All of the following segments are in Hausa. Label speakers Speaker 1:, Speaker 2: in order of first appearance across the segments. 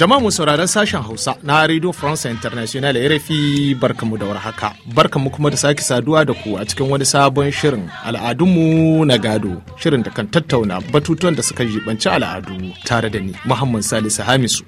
Speaker 1: Jama'a mun sauraron sashen Hausa na Radio France International RFI barkamu da warhaka. Barkamu kuma da sake saduwa da ku a cikin wani sabon shirin al'adunmu na gado. Shirin da kan tattauna batutuwan da suka jibanci al'adu tare da ni Muhammad Salisu Hamisu.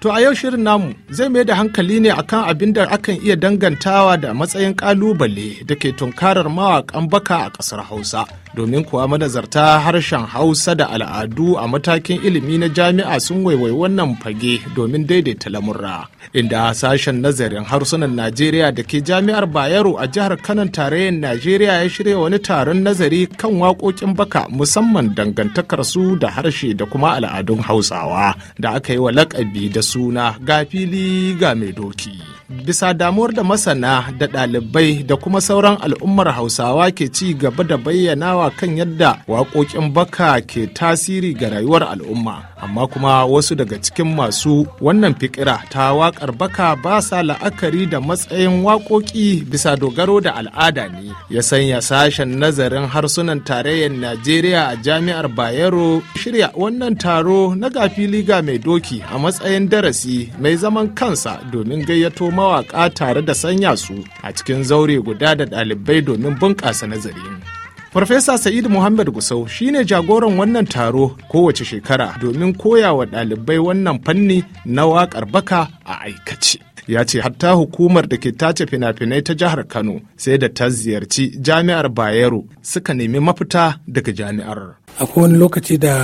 Speaker 1: To a yau shirin namu zai mai da hankali ne akan abin da akan iya dangantawa da matsayin kalubale da ke tunkarar mawakan baka a ƙasar Hausa. domin kuwa manazarta harshen hausa da al'adu a matakin ilimi na jami'a sun waiwai wannan fage domin daidaita lamurra inda sashen nazarin harsunan najeriya da ke jami'ar bayero a jihar kanan tarayyar najeriya ya shirya wani taron nazari kan waƙoƙin baka musamman dangantakar su da harshe da kuma al'adun hausawa da aka yi wa lakabi da suna ga fili ga mai doki bisa damuwar da masana da ɗalibai da kuma sauran al'ummar hausawa ke ci gaba da bayyanawa kan yadda waƙoƙin baka ke tasiri ga rayuwar al'umma amma kuma wasu daga cikin masu wannan fikira ta waƙar baka ba sa la'akari da matsayin waƙoƙi bisa dogaro da al'ada ne ya sanya sashen nazarin harsunan tarayyar najeriya a jami'ar bayero shirya wannan taro na gafi ga mai doki a matsayin darasi mai zaman kansa domin gayyato mawaƙa tare da sanya su a cikin zaure guda da ɗalibai domin bunƙasa nazarin. Farfesa Sa'id Muhammad Gusau shi ne jagoran wannan taro kowace shekara domin koya wa ɗalibai wannan fanni na waƙar baka a aikace. ya ce hatta hukumar da ke tace fina-finai ta jihar kano sai da ta ziyarci jami'ar bayero suka nemi mafita daga jami'ar
Speaker 2: akwai wani lokaci da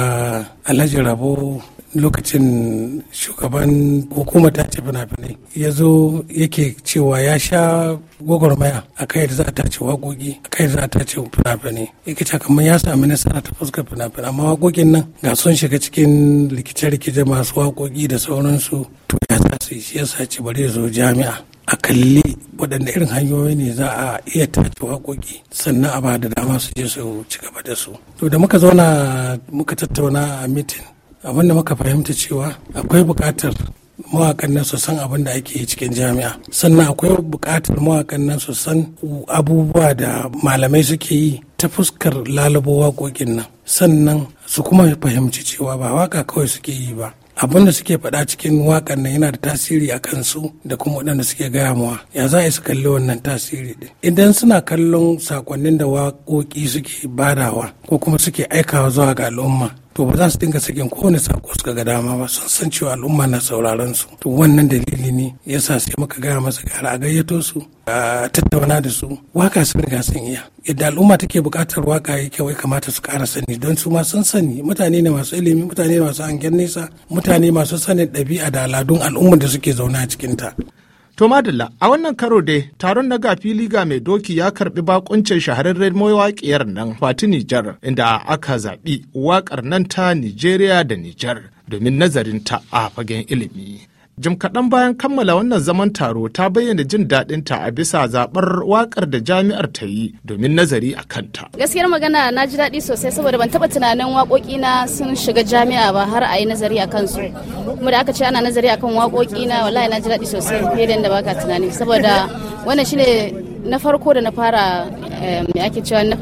Speaker 2: alhaji rabo lokacin shugaban hukumar tace fina-finai ya zo yake cewa ya sha gwagwarmaya a kai da za a tace waƙoƙi a kai da za a tace fina-finai yake cewa kamar ya sami nasara ta fuskar fina-finai amma waƙoƙin nan ga sun shiga cikin rikice-rikice masu waƙoƙi da sauransu to ya sa su yi ya sa bari zo jami'a a kalli waɗanne irin hanyoyi ne za a iya tace waƙoƙi sannan a ba da dama su je su ci gaba da su to da muka zauna muka tattauna a mitin abin da muka fahimta cewa akwai buƙatar mawakan nan su san abin da ake cikin jami'a sannan akwai buƙatar mawakan nan su san abubuwa da malamai suke yi ta fuskar lalubo waƙoƙin nan sannan su kuma fahimci cewa ba waka kawai suke yi ba abin da suke faɗa cikin waƙan nan yana da tasiri a kansu da kuma waɗanda suke gaya mawa ya za a su kalli wannan tasiri din idan suna kallon sakonnin da waƙoƙi suke badawa ko kuma suke aikawa zuwa ga al'umma to ba za su dinga sakin kowane sako suka ga dama ba sun san cewa al'umma na sauraron su to wannan dalili ne ya yasa sai muka gaya masa gara a gayyato su a tattauna da su waka sun riga sun iya yadda al'umma take buƙatar waka ya kyau kamata su ƙara sani don su ma sun sani mutane ne masu ilimi mutane ne masu hangen nesa mutane masu sanin ɗabi'a da al'adun al'ummar da suke zaune a cikinta To Madalla,
Speaker 1: a wannan karo dai taron na ga fili ga mai doki ya karbi bakuncin shahararren mawaƙiyar nan Fati Nijar inda aka zaɓi waƙar nan ta Nijeriya da Nijar domin nazarinta a fagen ilimi. jim kaɗan bayan kammala wannan zaman taro ta bayyana jin daɗinta a bisa zaɓar wakar da jami'ar ta yi domin nazari a kanta.
Speaker 3: Gaskiyar magana na ji daɗi sosai saboda ban taɓa tunanin waƙoƙina sun shiga jami'a ba har a yi nazari a kansu. Kuma da aka ce ana nazari a kan waƙoƙina wallahi na ji daɗi sosai fiye da yadda ka tunani saboda wannan shine na farko da na fara eh, me ake cewa na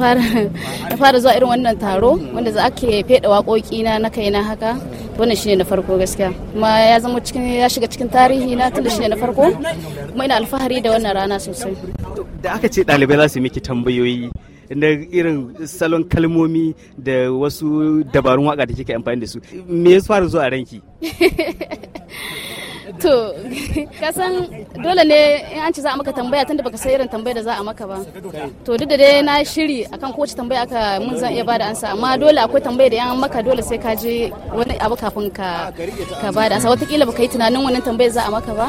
Speaker 3: fara zuwa irin wannan taro wanda za ake feda wakokina na na haka wannan shine na farko gaskiya kuma ya zama cikin ya shiga cikin tarihi na tunda shine na farko kuma ina alfahari da wannan rana sosai
Speaker 4: da aka ce ɗalibai za su miki tambayoyi na irin salon kalmomi da wasu dabarun waka da kike amfani da su me ya fara
Speaker 3: zuwa ranki to kasan dole ne in an ci za a maka tambaya tunda baka san irin tambaya da za a maka ba to duk da dai na shiri akan kowace tambaya aka mun zan iya bada ansa amma dole akwai tambaya da yan maka dole sai ka je wani abu kafin ka ka bada ansa watakila baka yi tunanin wannan tambaya za a maka ba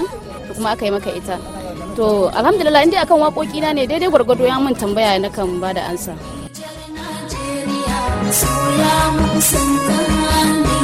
Speaker 3: kuma aka yi maka ita to alhamdulillah inda akan waƙoƙi na ne daidai gwargwado ya mun tambaya na kan bada ansa Soya mun san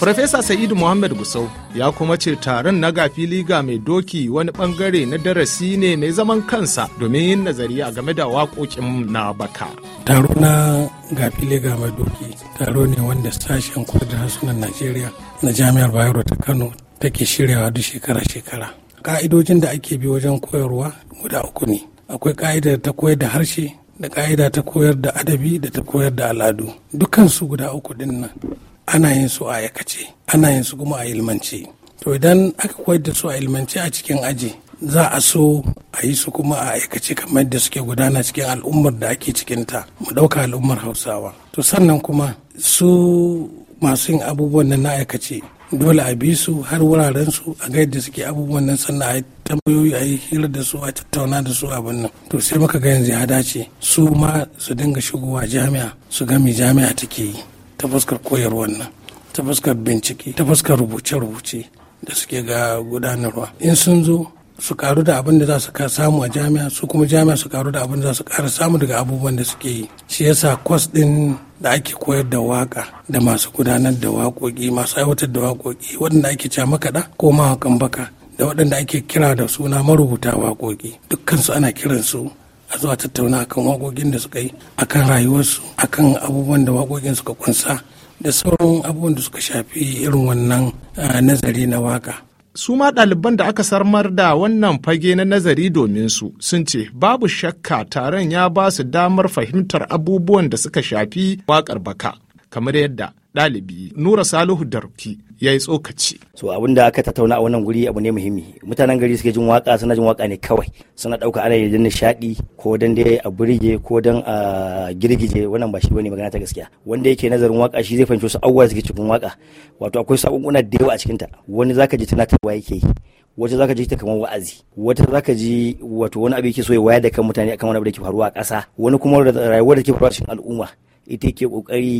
Speaker 1: Farfesa Sa'idu Muhammad Gusau ya kuma ce taron na gafi ga mai doki wani bangare na darasi ne mai zaman kansa domin yin nazari a game da waƙoƙin
Speaker 2: na baka. Taro na gafi ga mai doki taro ne wanda sashen kudu sunan harsunan Najeriya na Jami'ar Bayero ta Kano take shiryawa duk shekara-shekara. Ka'idojin da ake bi wajen koyarwa guda uku ne. Akwai ka'idar ta koyar da harshe, da ƙa'ida ta koyar da adabi da ta koyar da al'adu dukansu guda uku din nan ana yin su a aikace ana yin su kuma a ilmance to idan aka koyar da su a ilmance a cikin aji za a so a yi su kuma a aikace kamar yadda suke gudana cikin al'ummar da ake cikinta mu ɗauka al'ummar hausawa to sannan kuma su masu yin abubuwan na aikace dole a bi su har wuraren su a ga yadda suke abubuwan nan sannan a yi tambayoyi a yi hira da su a tattauna da su abin nan to sai muka ga yanzu ya dace su ma su dinga shigowa jami'a su ga me jami'a take yi ta fuskar koyarwar nan ta fuskar bincike ta fuskar rubuce-rubuce da suke ga gudanarwa in sun zo su karu da abin da za su samu a jami'a su kuma jami'a su karu da abin da za su kara samu daga abubuwan da suke yi shi yasa kwas din da ake koyar da waka da masu gudanar da waƙoƙi masu aiwatar da waƙoƙi waɗanda ake cewa makaɗa ko mawaƙan baka da waɗanda ake kira da suna marubuta waƙoƙi dukkansu ana kiransu a zuwa tattauna akan waƙoƙin da suka yi akan rayuwarsu akan abubuwan da waƙoƙin suka kunsa da sauran abubuwan da suka shafi irin wannan eh, nazari na waka su ma ɗaliban da aka sarmar
Speaker 1: da wannan fage na nazari domin su sun ce babu shakka taron ya ba su damar fahimtar abubuwan da suka shafi waƙar baka kamar yadda ɗalibi nura salihu darki
Speaker 4: ya yi tsokaci. So abin da aka tattauna a wannan guri abu ne muhimmi. Mutanen gari suke jin waka suna jin waka ne kawai. Suna ɗauka ana yi nishaɗi ko dan da a burge ko dan a girgije wannan ba shi bane magana ta gaskiya. Wanda yake nazarin waka shi zai fahimci su abubuwa suke cikin waka. Wato akwai sakunkuna da yawa a cikin ta. Wani zaka ji tunatarwa yake yi. Wata zaka ji ta kamar wa'azi, wata zaka ji wato wani abu yake so ya waya da kan mutane akan wani abu da ke faruwa a ƙasa, wani kuma rayuwar da ke faruwa cikin al'umma. ita ke kokari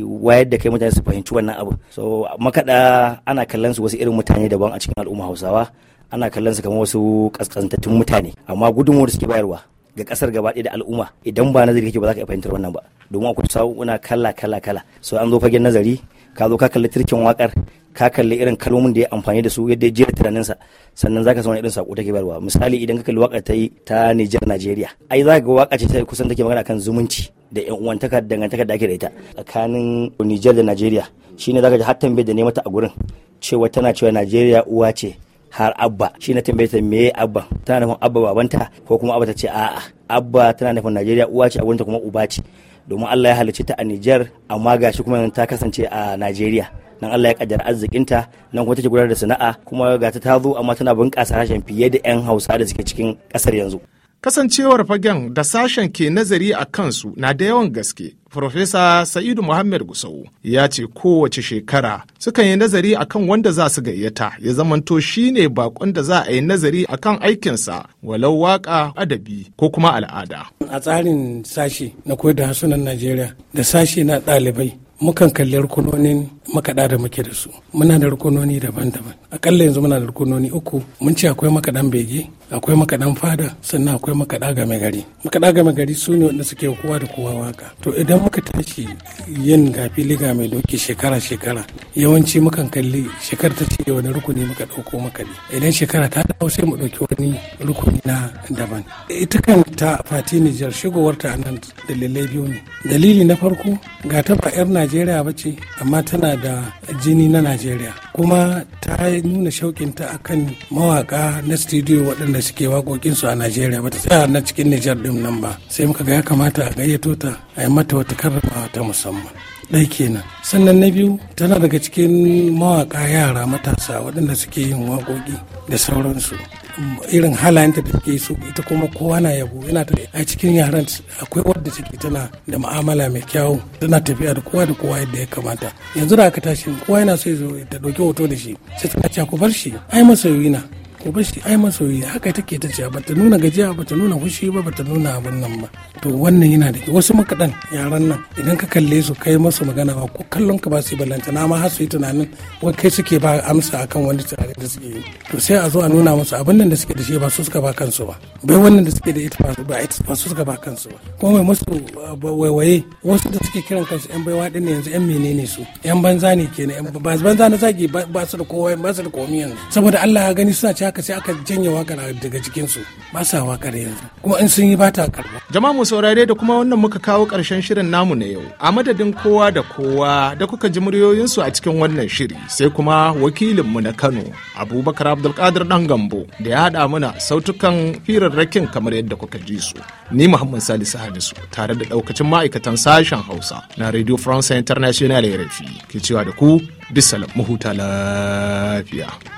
Speaker 4: wayar da kai mutane su fahimci wannan abu so makada ana kallon su wasu irin mutane daban a cikin al'umma hausawa ana kallon su kamar wasu kaskantattun mutane amma gudunmuwar suke bayarwa ga kasar gaba da al'umma idan ba nazari kake ba za ka fahimtar wannan ba domin akwai sa'o'una kala kala kala so an zo fagen nazari ka zo ka kalli turkin wakar ka kalli irin kalmomin da ya amfani da su yadda ya jera tunaninsa sannan zaka san wani irin sako take barwa misali idan ka kalli waka ta yi ta Niger Nigeria ai za ga waka ce ta kusan take magana kan zumunci da yan uwantaka dangantaka da ake da ita tsakanin Niger da Nigeria shine zaka ji har tambaye da ne mata a gurin cewa tana cewa Nigeria uwa ce har abba shi na tambaye ta me abba tana nufin abba babanta ko kuma abba ta ce a'a abba tana nufin najeriya uwa ce a abunta kuma uba ce domin allah ya halicci ta a niger amma gashi kuma ta kasance a najeriya nan Allah ya kaddara arzikinta nan kuma take gudanar da sana'a kuma ga ta zo amma tana bunƙasa harshen fiye da 'yan Hausa da suke cikin ƙasar yanzu.
Speaker 1: Kasancewar fagen da sashen ke nazari a kansu na da yawan gaske, Profesa Sa'idu Muhammad Gusau ya ce kowace shekara sukan yi nazari akan wanda za su gayyata ya zamanto shi ne bakon da za a yi nazari akan aikinsa walau waka adabi ko kuma al'ada. A
Speaker 2: tsarin sashe na koyar da harsunan Najeriya da sashe na ɗalibai mukan kalli rukunonin makaɗa da muke da su muna da rukunoni daban-daban akalla yanzu muna da rukunoni uku mun ce akwai makaɗan bege akwai makaɗan fada sannan akwai makaɗa game gari makaɗa game gari su ne wanda suke kowa da kowa waka to idan muka tashi yin gafi liga mai doki shekara-shekara yawanci mukan kalli shekar ta ce wani rukuni muka ɗauko makaɗi idan shekara ta dawo sai mu ɗauki wani rukuni na daban ita kan ta fati nijar shigowarta anan nan dalilai biyu ne dalili na farko ga ta ba na najeriya ba ce amma tana da jini na najeriya kuma ta nuna shauƙinta kan mawaka na studio waɗanda suke waƙoƙinsu a najeriya ba ta tsaya na cikin nijar ɗin nan ba sai muka ga ya kamata a gayyato ta a yi mata wata karrama ta musamman ɗai kenan sannan na biyu tana daga cikin mawaƙa yara matasa waɗanda suke yin waƙoƙi da sauransu irin halayenta da take so ita kuma kowa na yabo yana ta a cikin yaran akwai wadda take tana da ma'amala mai kyau tana tafiya da kowa da kowa yadda ya kamata yanzu da aka tashi kowa yana so ya ta ɗauki hoto da shi sai ta ce ku bar shi ai masa na ku bar shi ai masoyi haka take ta ce bata nuna gajiya bata nuna fushi ba bata nuna abin nan ba to wannan yana da wasu makadan yaran nan idan ka kalle su kai masu magana ba ko kallon ka ba su balanta na ma har su yi tunanin wai kai suke ba amsa akan wani tunani da suke yi to sai a zo a nuna musu abin nan da suke da shi ba su suka ba kansu ba bai wannan da suke da ita ba ita ba su suka ba kansu ba kuma mai musu ah, waiwaye wasu da suke kiran kansu yan baiwa din yanzu yan menene su yan banza ne kenan ba banza na zagi ba su da kowa ba su da komai yanzu saboda Allah ya gani suna cewa haka sai aka janye wakar daga ba sa wakar yanzu kuma in sun yi ba ta karba. jama'a mu saurare da kuma
Speaker 1: wannan muka kawo karshen shirin namu na yau a madadin kowa da kowa da kuka ji muryoyinsu a cikin wannan shiri sai kuma wakilinmu na kano abubakar abdulkadir dan gambo da ya haɗa mana sautukan rakin kamar yadda kuka ji su ni muhammad salisu hadisu tare da ɗaukacin ma'aikatan sashen hausa na radio france international rfi ke cewa da ku bisa mahuta lafiya.